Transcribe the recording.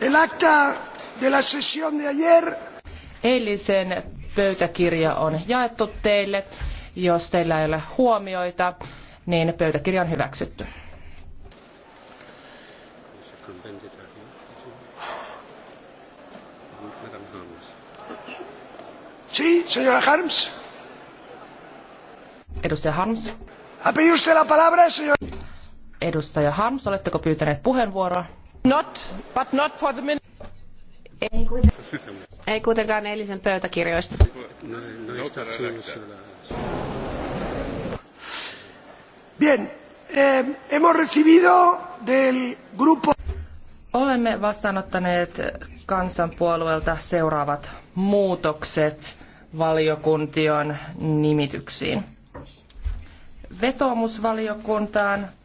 El acta de la sesión Eilisen pöytäkirja on jaettu teille. Jos teillä ei ole huomioita, niin pöytäkirja on hyväksytty. Sí, señora Harms. Edustaja Harms. ¿Ha pedido usted la palabra, señor? Edustaja Harms, oletteko pyytäneet puheenvuoroa? Ei, kuitenkaan, eilisen pöytäkirjoista. Bien, eh, hemos recibido del grupo... Olemme vastaanottaneet kansanpuolueelta seuraavat muutokset valiokuntion nimityksiin. Vetoomusvaliokuntaan